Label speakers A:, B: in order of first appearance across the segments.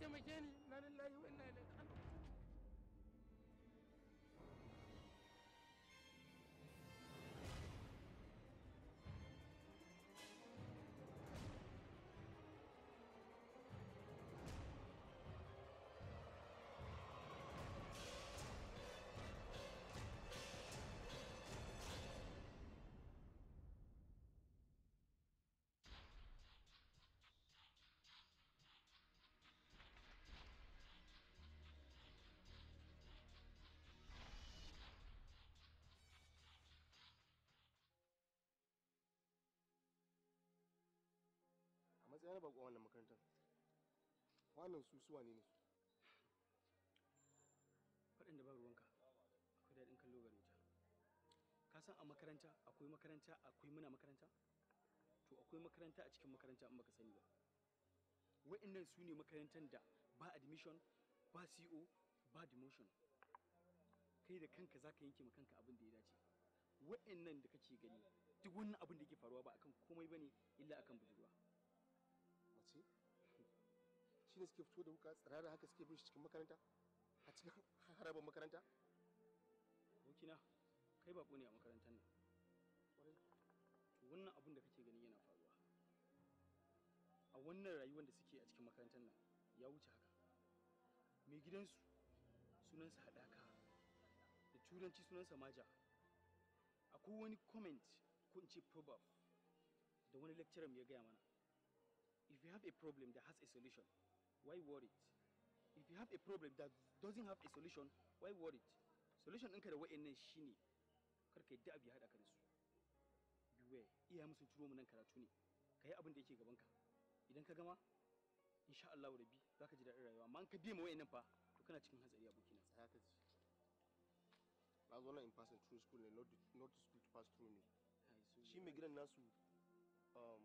A: Tell me,
B: yi bakon wannan makarantar wannan su suwa ne
C: ne ba ruwanka akwai daɗin kallo ka san a makaranta akwai makaranta akwai muna makaranta to akwai makaranta a cikin makaranta in baka sani ba wa'annan su ne makarantar da ba admission ba co ba demotion kai da kanka zaka yanke ma kanka abin da ya dace wa'annan da kake gani duk wani abin da yake faruwa ba akan komai bane illa akan budurwa
B: shi ne suke fito da wuka tsirara haka suke bin shi cikin makaranta a cikin harabar makaranta
C: abokina kai bako ne a makarantar nan wannan abin da kake gani yana faruwa a wannan rayuwar da suke a cikin makarantar nan ya wuce haka mai gidansu sunansa haɗaka da turanci sunansa maja akwai wani comment ko in ce proverb da wani lecturer ya gaya mana if you have a problem that has a solution why worry it if you have a problem that doesn't have a solution why worry it solution in da wa'annan shine kar ka yadda abu ya haɗa ka da su beware iya musu turo mu nan karatu ne ka yi abin da yake gaban ka idan ka gama insha Allah rabbi zaka ji daɗin rayuwa amma in ka biye ma wa'annan fa to kana cikin hatsari abokina tsaya ka ji na zo nan in pass through school ne not school to pass through ne shi mai gidan nasu um,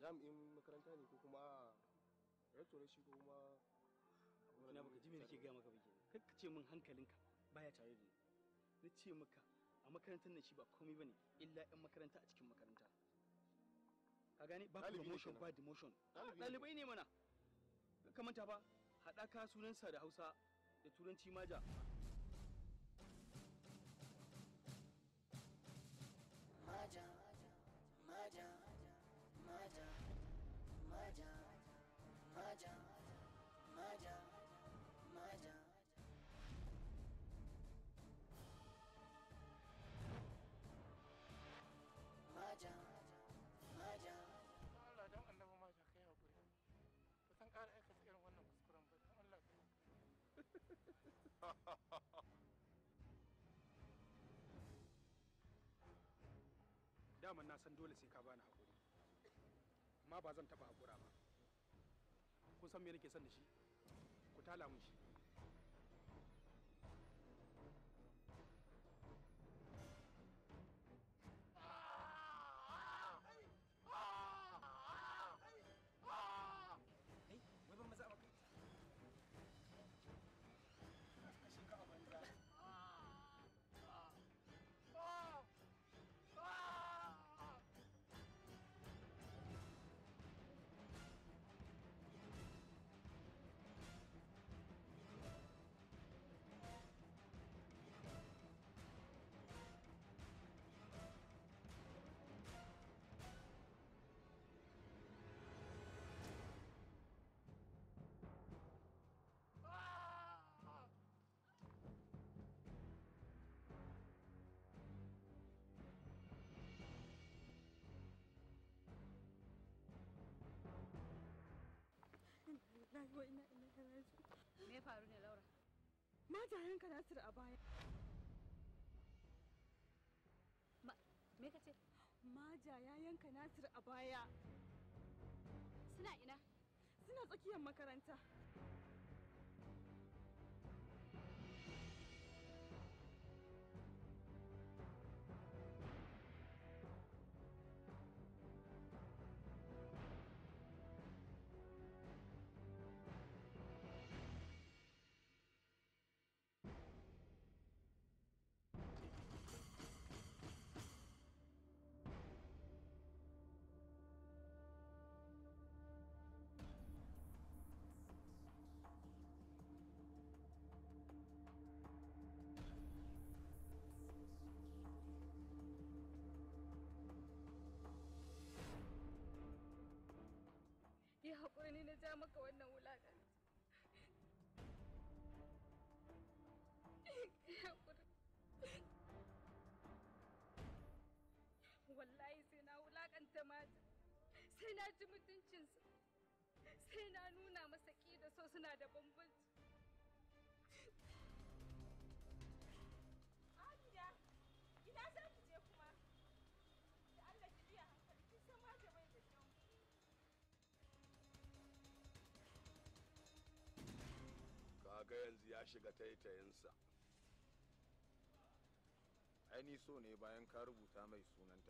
C: jami'in makaranta ne ko kuma rector shi kuma abokina baka ji me nake gaya maka ba kenan ka ce min hankalinka baya tare da ni na ce maka a makarantar nan shi ba komai bane illa yan makaranta a cikin makaranta ka gane ba promotion ba demotion Dalibai ne mana ka manta ba haɗaka sunansa da hausa da turanci maja
D: maja maja maja maja
A: daman na san dole sai ka bani hakuri amma ba zan taɓa hakura ba kun san me nake son da shi ku tala mun shi
E: na ja yanka Nasir a baya. Me ka ce? Maja ya yanka Nasir a baya. Suna ina? Suna tsakiyar makaranta. sai na ji mutuncinsa sai na nuna masa ƙi da so suna da bambanci
F: Amina, ina za ki je kuma? Da Allah ki biya hankali, kin san ma da bai da kyau.
G: Kaga yanzu ya shiga taitayinsa. Ai ni so ne bayan ka rubuta mai sunan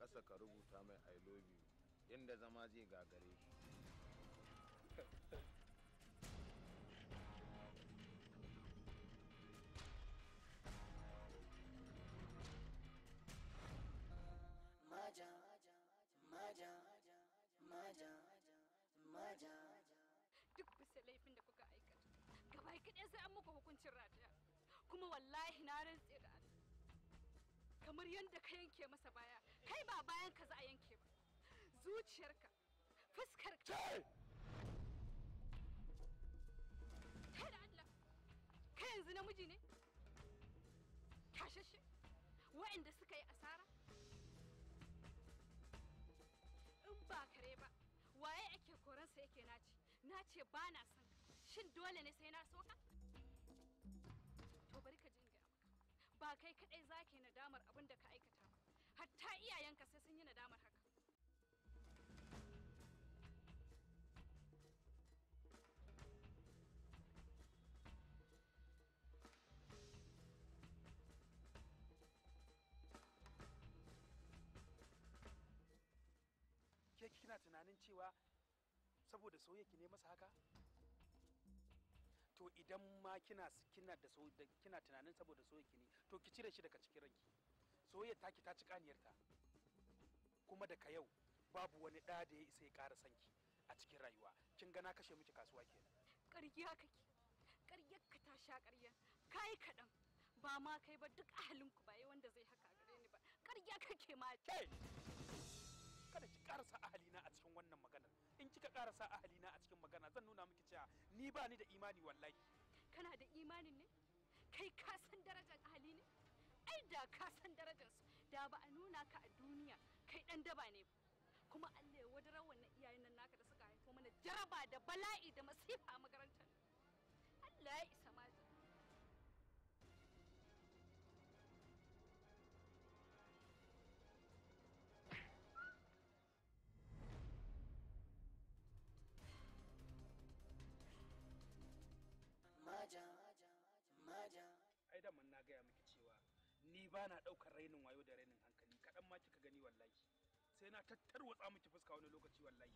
G: ƙasa ka rubuta mai i love
H: you inda zama zai gagare shi Duk
E: bisa laifin da kuka aikata, gaba kaɗai sai an muku hukuncin rataya. Kuma wallahi na rantse da kamar yadda ka yanke masa baya kai ba bayan ka za a yanke ba zuciyarka fuskar ka kai da Allah kai yanzu namiji ne tashashe wa'anda suka yi asara in ba kare ba waye ake koransa yake naci nace ba na son shin dole ne sai na so ka ba kai kaɗai za ka yi nadamar abin da ka aikata ba hatta iyayenka sai sun yi nadamar
A: haka ke kina tunanin cewa saboda soyayya ki ne masa haka to idan ma kina kina da so kina tunanin saboda so ne to ki cire shi daga cikin ranki soyayya taki ta ci kaniyarta kuma daga yau babu wani da da ya isa ya ƙara sanki a cikin rayuwa kin ga na kashe miki kasuwa
E: kenan ƙarya kake ƙaryar ka ta sha ƙarya kai kaɗan ba ma kai ba duk ahalinku ba wanda zai haka gare ni ba ƙarya kake ma kada ki
A: ƙarasa ahalina a cikin wannan maganar in kika karasa ahalina a cikin magana zan nuna miki cewa ni ba ni da imani wallahi
E: kana da imanin ne kai ka san darajar ahali ne ai da ka san darajarsu da ba a nuna ka a duniya kai dan daba ne kuma Allah ya wadarar wannan iyayen nan naka da suka haifo mana jaraba da bala'i da masifa a makarantar Allah ya isa
A: ba na ɗaukar rainin wayo da rainin hankali kaɗan ma kika gani wallahi sai na tattarwatsa miki fuska wani lokaci wallahi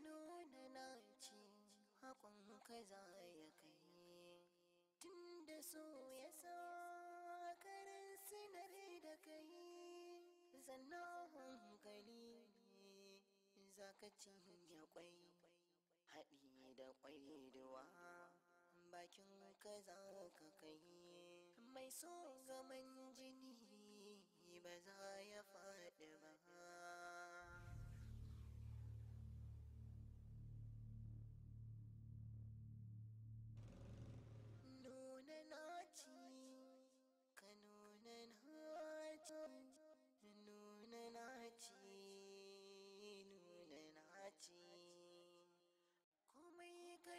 D: nuna na ci haƙon ka za ya kai tun da so ya sa karin sinar da kai zanna hankali za ka cinye kwai haɗi da kwai duwa bakin ka za ka kai mai so gaman jini ba za ya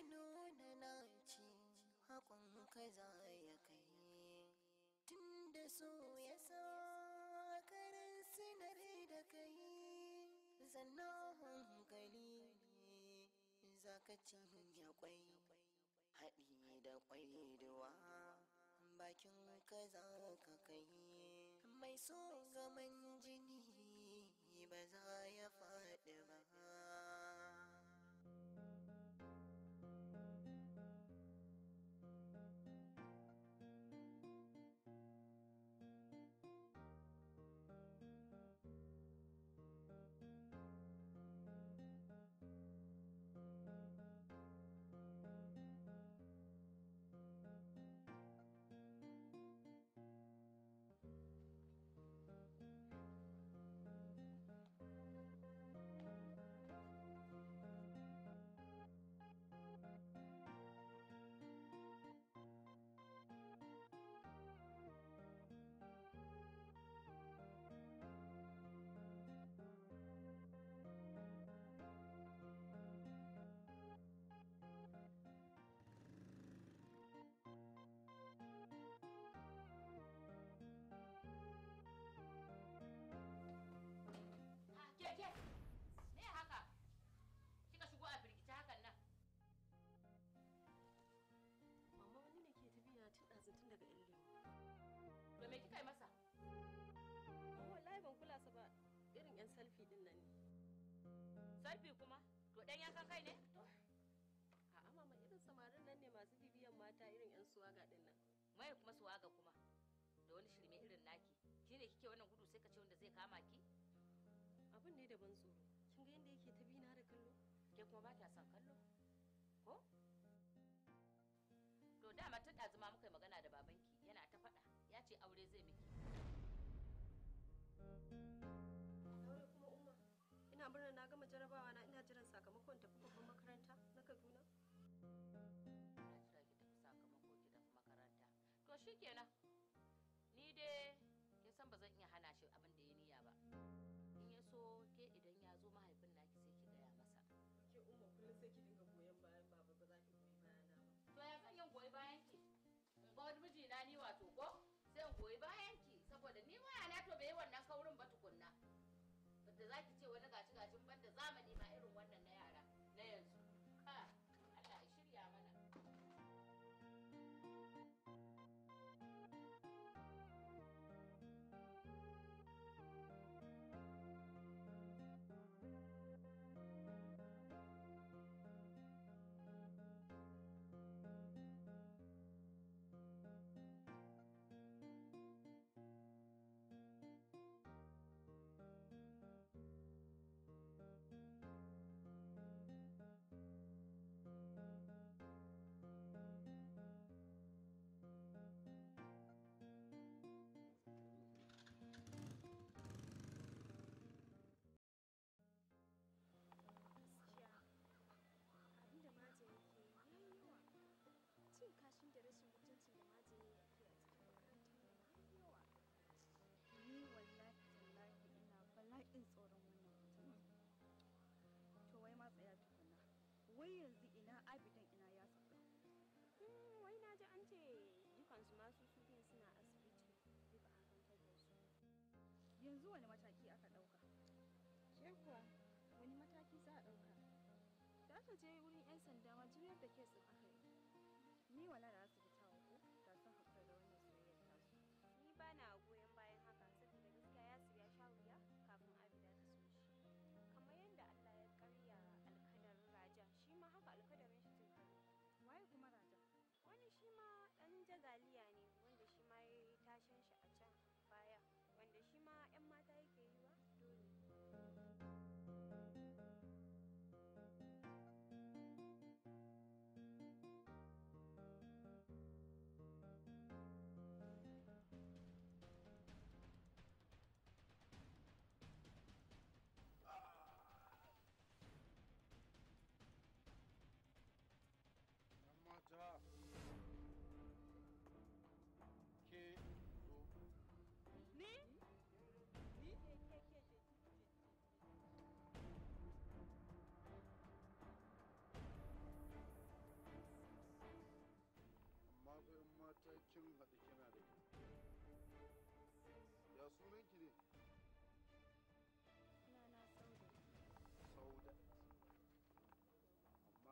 D: nuna na ce haƙon kaza za
I: ya kai
D: tun da so ya sa karan sinar da kai zanna hankali za ka cinye kwai haɗi da kwai duwa bakin ka za ka kai mai so gaman jini ba za ya
F: ban tsoro kin ga yadda yake ta bi na da kallo ke kuma ba kya son kallo ko
J: to dama tun ɗazuma muka yi magana da babanki yana ta faɗa ya ce aure zai miki
F: aure kuma umma
J: ina murna na gama
F: jarabawa na ina jiran sakamakon tafi babban makaranta na kaduna ina jira ki tafi
J: sakamako ki tafi makaranta to shikenan za ki ce wani gaci gacin banda zamani ma irin wannan na
E: yanzu wani mataki aka ɗauka? Ke kuwa wani mataki za a ɗauka? Za ta je wurin 'yan sanda ma juyar da ke tsin aka yi. Ni wala da asibita wa ko da sun haƙura da wannan soyayyar tasu.
F: Ni ba na goyon bayan haka saboda gaskiya ya ya sha wuya kafin Abida ta so shi. Kamar yadda Allah ya karya alkadar Raja shi ma haka alkadarin shi zai faru. Waye kuma Raja? Wani shi ma ɗan jagaliya ne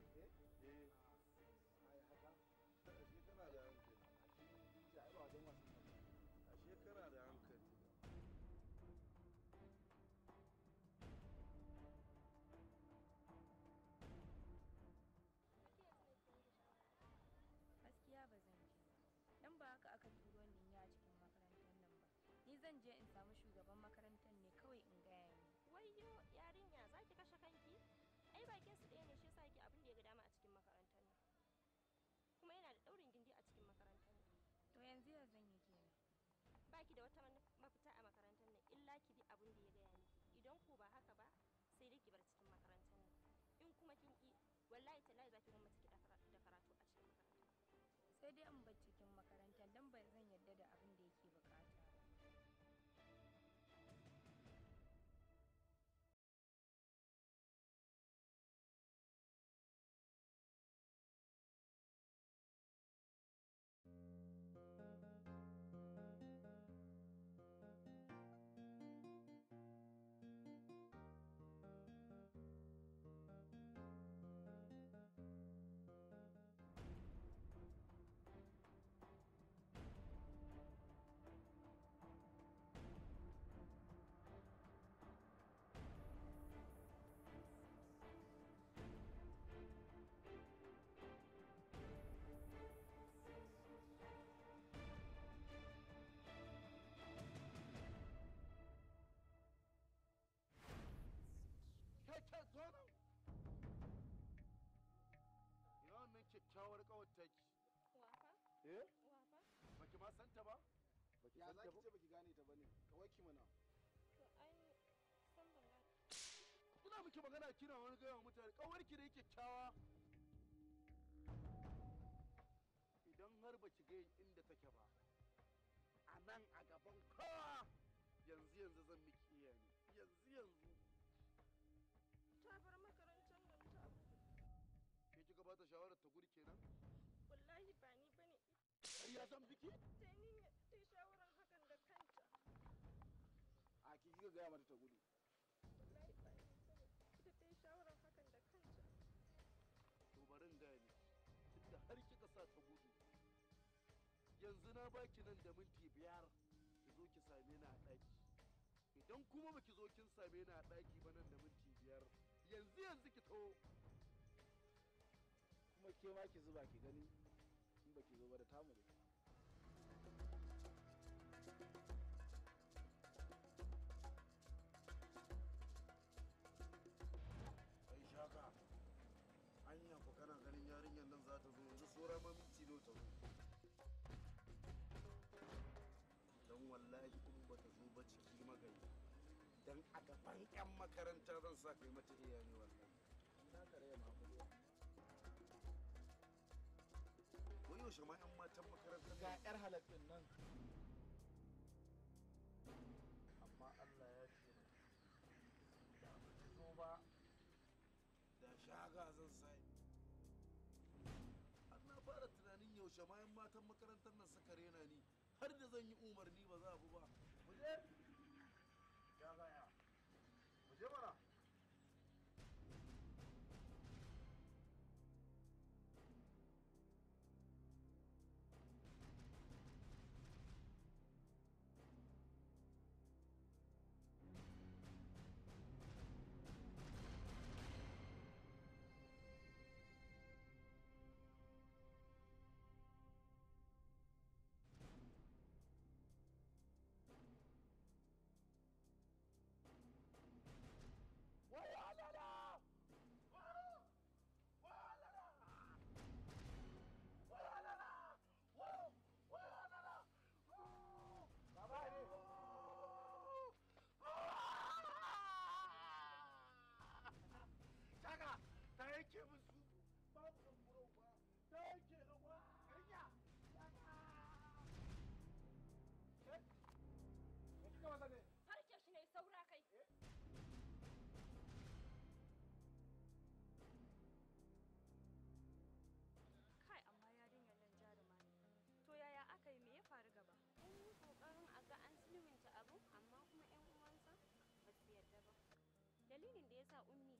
G: a shekara da
J: ba haka aka turo ni a cikin makarantar nan ba ni zan je in samu shugaban makarantar
F: ba ki da wata mafita a makarantar nan illa ki bi abin da ya gaya miki idan ko ba haka ba sai dai ki bar cikin makarantar nan in kuma kin ki wallahi tallahi zaki gwamnati ki da karatu a cikin makarantar sai dai in bacci eh baki ma
G: santa ba baki ya ce baki gane ta bane mana
F: to ai
I: san ban
G: kuna miki magana kina wani gaya wa mutane kawar ki da yake kyawa idan har baki ga inda take ba a nan a gaban kowa ta san biki?
F: shawarar hakan da kanta.
G: A ki kika gaya mata ta gudu. Wallahi
F: ba ita ta shawarar hakan da kanta.
G: To ne. Tunda har kika sa ta gudu. Yanzu na baki nan da minti biyar ki zo ki same ni a ɗaki. Idan kuma baki zo kin same ni a ɗaki ba nan da minti biyar yanzu yanzu ki taho. Kuma ke ma ki zuba ki gani in baki zo ba da tamu karfan yan makaranta zan sa kai mata iya ne wannan wai yaushe ma yan matan makarantar ga yar halakin nan amma Allah ya ce da ba ta zo ba da shaga zan sai an na fara tunanin yaushe ma yan matan makarantar nan suka rena ni har da zan yi umarni ba za a bu ba mu je
F: Wasser und Nick.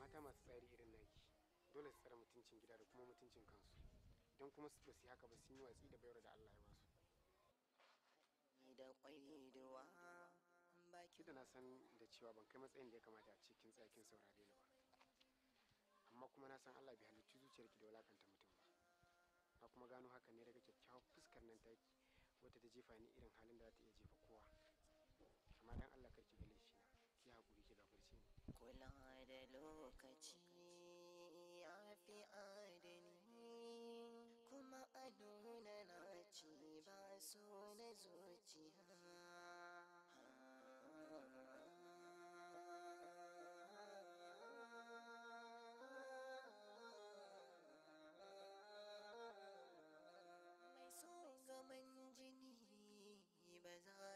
B: mata masu tsari irin naki dole su tsara mutuncin gida da kuma mutuncin kansu don kuma su yi haka ba sun yi watsi da bayar da Allah ya basu ki da na san da cewa ban kai matsayin da ya kamata a cikin tsakin saurare ni ba amma kuma na san Allah bai halittu zuciyarki da walakanta mutum ba na kuma gano hakan ne daga kyakkyawar fuskar nan taki wata ta jefa ni irin halin da za ta iya jefa kula da lokaci
D: ya fi adani kuma a nuna naci ba so na zuciya zaman jini ba za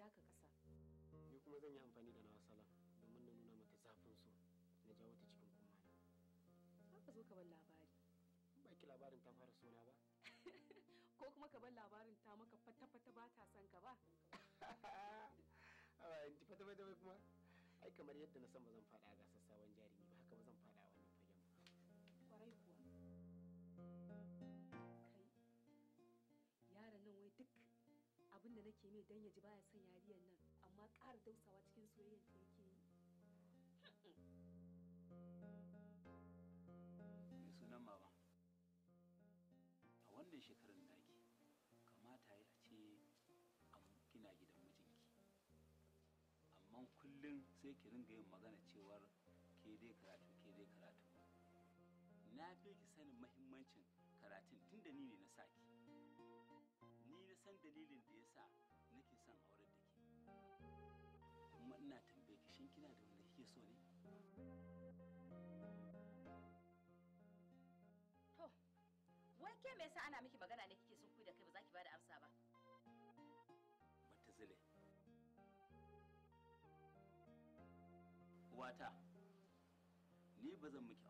E: ja ka ƙasa.
B: Ni kuma zan yi amfani da na wasala domin na nuna mata zafin so na jawo ta cikin
E: kuma zo ka bar labari.
B: Ba ki labarin ta fara sona ba.
E: Ko kuma ka bar labarin ta maka fata-fata ba ta son ka ba.
B: Awa, in fata-fata kuma. Ai kamar yadda na san ba zan faɗa a gasar sabon jarumi
E: nake mai dan ya ji baya son yariyar nan amma ƙara dausawa cikin soyayyar da yake yi
H: mai sunan mama a wannan shekarar naki kamata ya ce gina gidan mijinki amma kullum sai ki ringa yin magana cewar ke dai karatu ke dai karatu na fi ki sanin mahimmancin karatun tunda ni ne na saki san dalilin da yasa nake son auren da ke kuma ina tambaye ki shin kina da wanda kike so ne
J: to wai ke me yasa ana miki magana ne kike son kuyi da kai ba za ki bada amsa ba
H: bata zile wata ni ba zan miki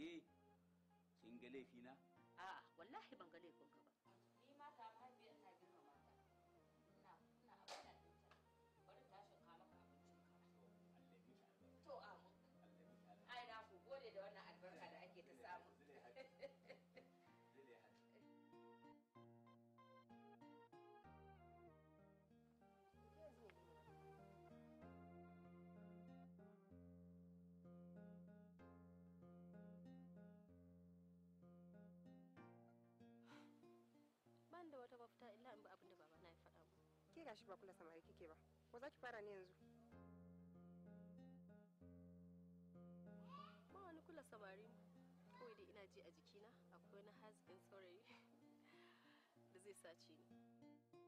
H: ke kin ga
J: laifina? A'a, wallahi ban ga laifin ka
F: ban da wata mafita illa in ba abin da baba na ya faɗa mu
D: ke gashi ba kula samari kike ba ko za ki fara ne
F: yanzu ba wani kula samari kawai da ina ji a jikina akwai wani hasken saurayi da zai sace ni to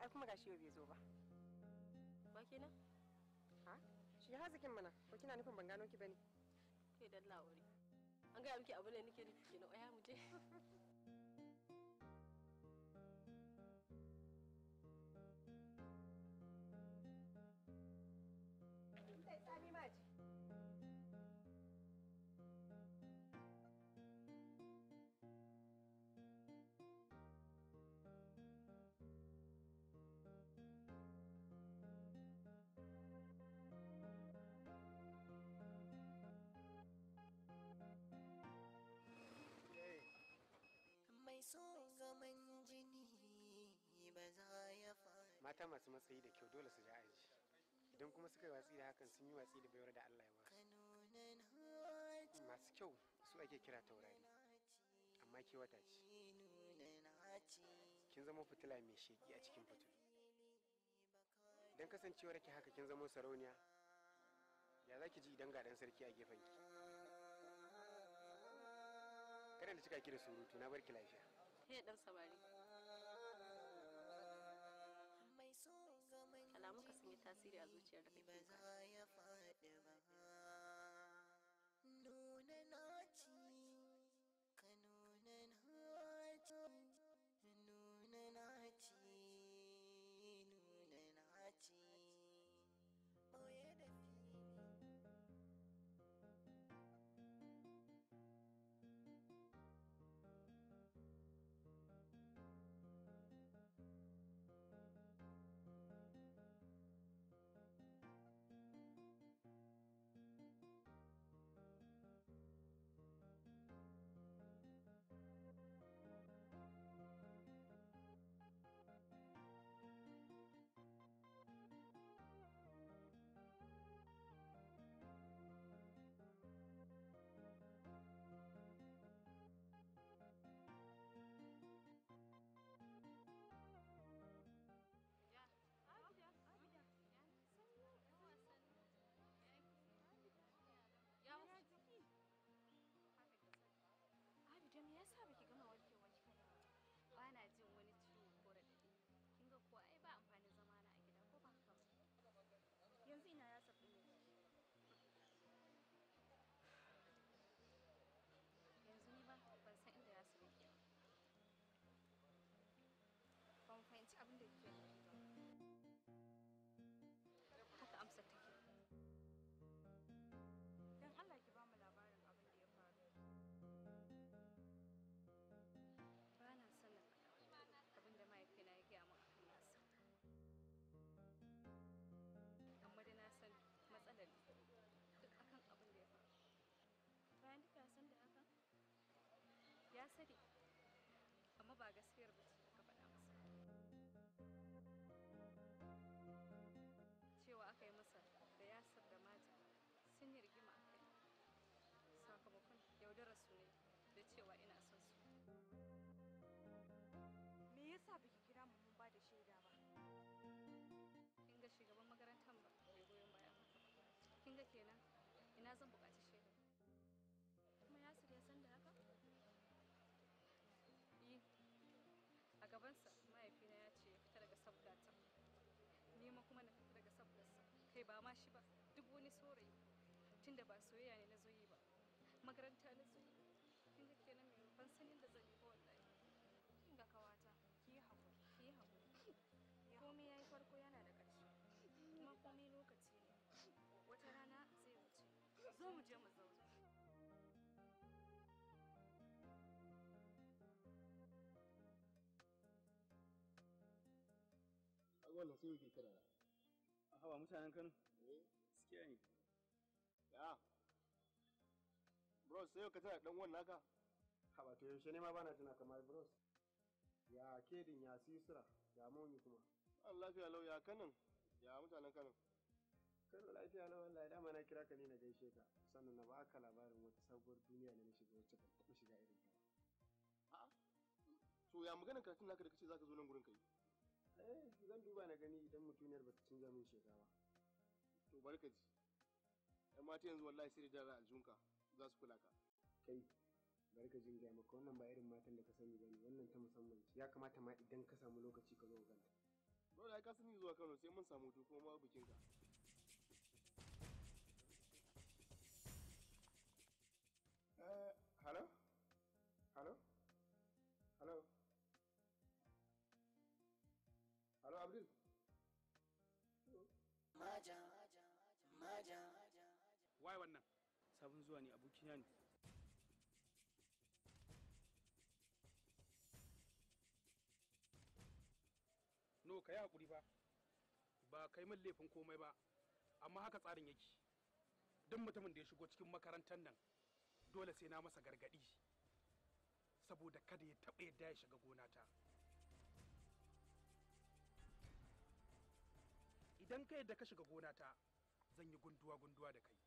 F: ai kuma gashi bai zo ba ba kenan ha shi hazikin mana ko kina nufin ban gano ki bane kai an gaya miki abin da nake nufi kenan oya mu je
D: so jini ba za ya
B: Mata masu matsayi da kyau dole su ja aji. Idan kuma suka watsi da hakan sun yi watsi da baiwar da Allah ya ba. Masu kyau su ake kira taurari. Amma ke wata ce. Kin zama fitila mai sheki a cikin fitilu. Don kasancewar ki haka kin zama sarauniya. Ya za ki ji idan gadon sarki a gefen ki. kada da cika ki da surutu na barki lafiya
F: He dan samari.
D: Alamun ka sun yi tasiri a zuciyar da kake
E: cewa ina son su me yasa biki kira mu mun ba da shaida ba kin ga shugaban makarantar ba bai goyon bayan haka kin ga kenan ina zan buƙaci shaida kuma yasir ya san da haka yi a gabansa mahaifina ya ce ya fita daga sabgata ni ma kuma na fita daga sabgarsa kai ba ma shi ba duk wani saurayi tunda ba soyayya ne na zo yi ba makaranta na zo zo mu je mu zauna wannan
B: sai yake kira
C: a hawa mutanen kano
B: eh. gaskiya ne ya bros sai yau ka tana dan wannan naka haba to yaushe ne ma bana tana kamar bros ya kedin ya sisira ya momi kuma Allah ya lau ya kanan ya mutanen kanan Bello lafiya na ya dama na kira ka ne na gaishe ka sannan na baka labarin wata sabuwar duniya ne na shiga wacce ban taɓa shiga irin ta. A'a. To ya maganar karatun naka da kace zaka zo nan gurin kai? Eh zan duba na gani idan mutuniyar ta canza min shekara ba. To barka ji. Yan mata yanzu wallahi sai da dara aljunka za su kula ka. Kai barka jin gaya maka wannan ba irin matan da ka sani bane wannan ta musamman ya kamata ma idan ka samu lokaci ka zo ganta. Dole ai ka sani zuwa Kano sai mun samu hutu kuma ma bikin ka.
C: hand.
A: No, ka yi haƙuri fa. Ba kai min laifin komai ba, amma haka tsarin yake. Duk mutumin da ya shigo cikin makarantar nan, dole sai na masa gargaɗi. Saboda kada ya taɓa yadda ya shiga gonata. Idan ka yadda ka shiga gonata, zan yi gunduwa-gunduwa da kai.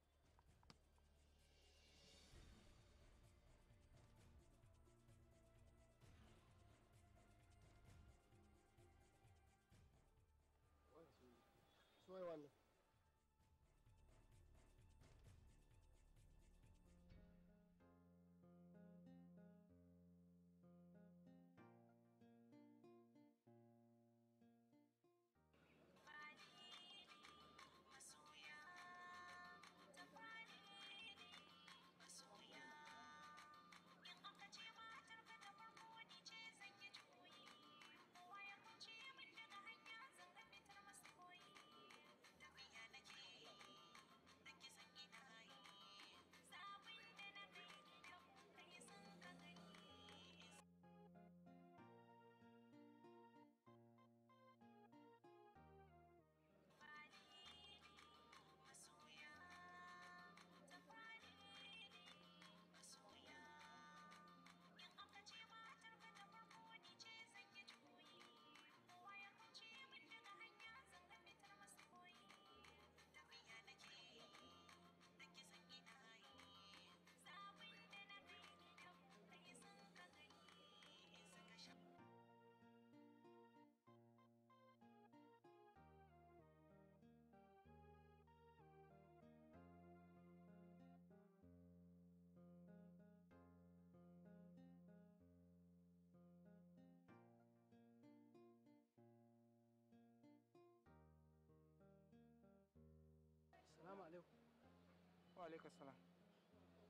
A: alaikum salam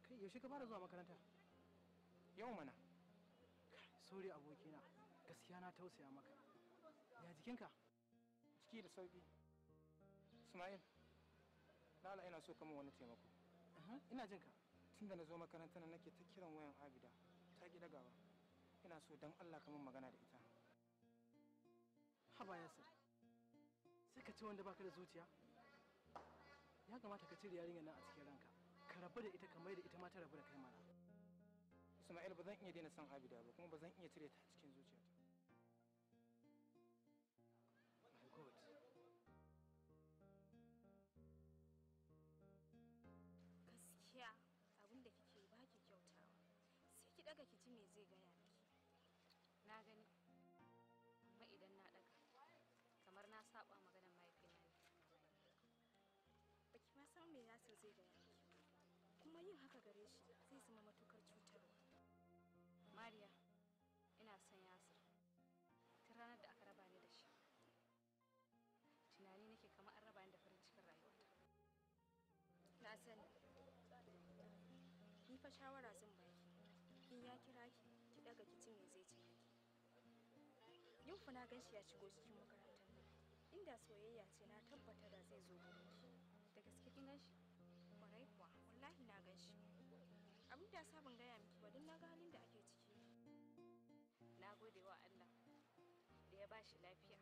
A: kai yaushe ka fara zuwa makaranta
B: yau mana sori abokina gaskiya
C: na tausaya maka ya jikinka Ciki da sauƙi.
B: ismail lala ina so kama wani taimako ina jin ka tunda na zo makaranta na nake ta kiran wayan abida ta ki dagawa ina so dan allah kaman magana da ita haba yasir sai ka ci wanda baka da zuciya ya kamata ka cire yarinyar nan a cikin ranka ka rabu da ita kamar da ita ma ta rabu da kai mana Isma'il ba zan iya daina son Abida ba kuma ba zan iya cire ta cikin zuciyata
E: My God gaskiya abin da kike ba ki kyautawa sai ki daga ki ji me zai gaya miki na gani amma idan na daga kamar na saba maganar mahaifina ne baki ma san me yasa zai gaya kuma yin haka gare shi zai zama matukar cutarwa mariya ina son yasir tun ranar da aka raba ni da shi tunani nake kamar an raba ni da farin cikin rayuwata na sani ni fa shawara zan baki in ya kira ki ki daga kicin me zai cika ki Yin funa gan shi ya shigo cikin makarantar inda soyayya ce na tabbata gan shi abin da sa ban gaya miki ba don na ga halin da ake ciki na gode wa Allah da ya bashi lafiya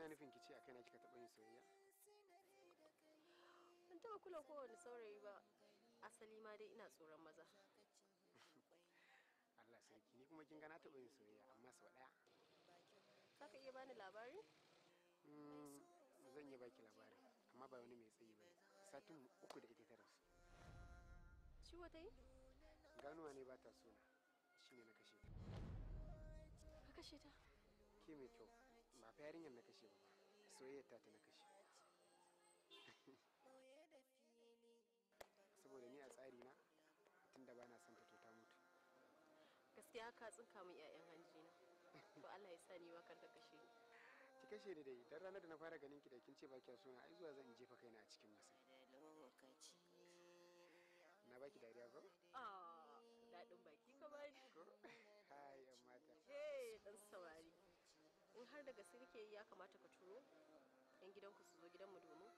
B: kina nufin ki ce a kaina kika taɓa yin soyayya ban
F: taɓa kula kowane saurayi ba asali ma dai ina tsoron maza
B: Allah sarki ni kuma kin gana taɓa yin soyayya amma sau ɗaya
F: ka iya bani labari
B: hmm, zan iya baki labari amma ba wani mai tsayi ba satin uku da ita ta rasu Shi wata yi ganuwa ne ba ta suna ne na kashe ta ka kashe ta ke mai kyau fa yarinyar na kashe ba soyayyar ta ta na kashe saboda ni a tsari na tunda ba na son ta to ta mutu
F: gaskiya ka tsinka min 'ya'yan hanji na to Allah ya sa ni ma kar ka kashe ni ki
B: kashe ni dai dan ranar da na fara ganin ki da kin ce baki kiya suna ai zuwa zan jefa kaina a cikin masai na baki dariya ba
F: daga da gaske kake yi ya kamata ka turo yan gidanku su zo gidanmu domin